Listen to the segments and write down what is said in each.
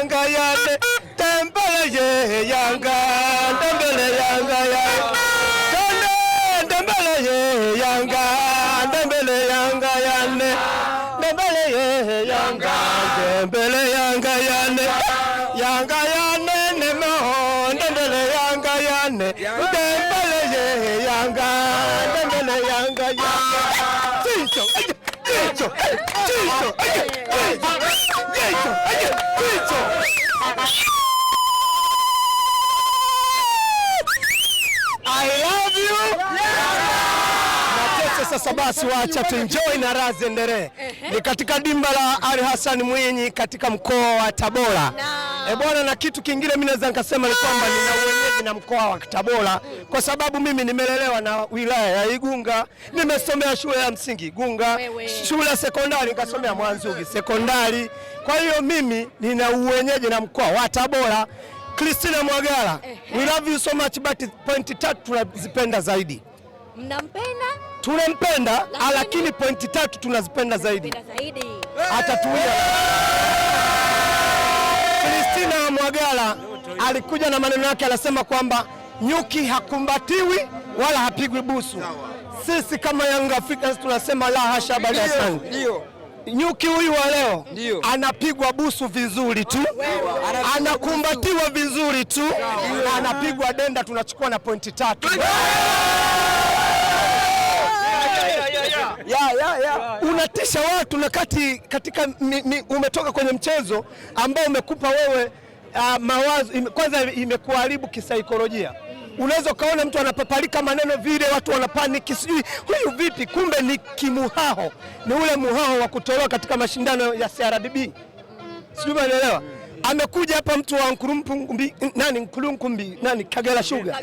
yanga yale tembele ye yanga tembele yanga yale tembele ye yanga tembele yanga yale tembele ye yanga tembele yanga yale yanga yale ne mo tembele yanga yale tembele ye yanga tembele yanga yale Jesus Sasa basi wacha tuenjoy na raha ziendelee. Ni katika dimba la Ali Hassan Mwinyi katika mkoa wa Tabora. E bwana, na kitu kingine mimi naweza nikasema ni kwamba ah. nina uwenyeji na mkoa wa Tabora kwa sababu mimi nimelelewa na wilaya ya Igunga, nimesomea shule ya msingi Igunga, shule sekondari nikasomea Mwanzugi sekondari. Kwa hiyo mimi nina uwenyeji na mkoa wa Tabora. Christina Mwagala, we love you so much but point tatu tunazipenda zaidi Mnampenda? Tunampenda, ah, lakini pointi tatu tunazipenda zaidi. Atatuia Kristina Mwagala alikuja na maneno yake, anasema kwamba nyuki hakumbatiwi wala hapigwi busu. Sisi kama Young Africans tunasema la hasha, habari ya sana Nyuki huyu wa leo anapigwa busu vizuri tu, anakumbatiwa vizuri tu, anapigwa denda, tunachukua na pointi tatu. yeah, yeah, yeah. Unatisha watu na kati katika mi, mi, umetoka kwenye mchezo ambao umekupa wewe uh, mawazo ime, kwanza imekuharibu kisaikolojia unaweza ukaona mtu anapapalika maneno vile, watu wanapaniki, sijui huyu vipi, kumbe ni kimuhaho, ni ule muhaho wa kutolewa katika mashindano ya CRDB, sijui umeelewa amekuja hapa mtu wa Nkurumkumbi, nani Nkurumkumbi, nani Kagera Sugar,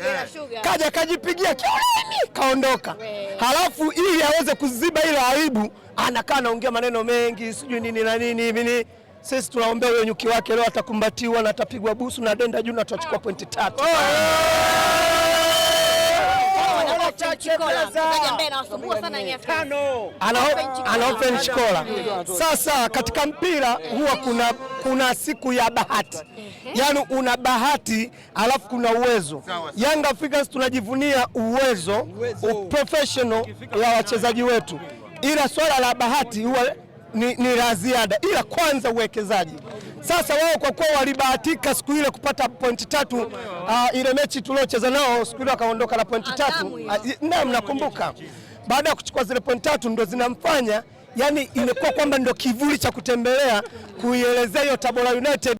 kaja kajipigia kiulimi kaondoka. Halafu ili aweze kuziba ile aibu, anakaa anaongea maneno mengi sijui nini na nini hivi. Sisi tunaombea huyo nyuki wake leo atakumbatiwa na atapigwa busu na denda juu na tutachukua pointi tatu. Alofen Sasa katika mpira huwa kuna, kuna siku ya bahati, mhm. yaani una bahati alafu kuna uwezo. Young Africans tunajivunia uwezo professional wa wachezaji wetu, ila swala la bahati huwa ni, ni la ziada, ila kwanza uwekezaji sasa wao kwa kuwa walibahatika siku ile kupata pointi tatu uh, ile mechi tuliocheza nao siku ile wakaondoka na pointi ah, tatu uh, naam, nakumbuka. Baada ya kuchukua zile pointi tatu ndo zinamfanya yani, imekuwa kwamba ndo kivuli cha kutembelea kuielezea hiyo Tabora United.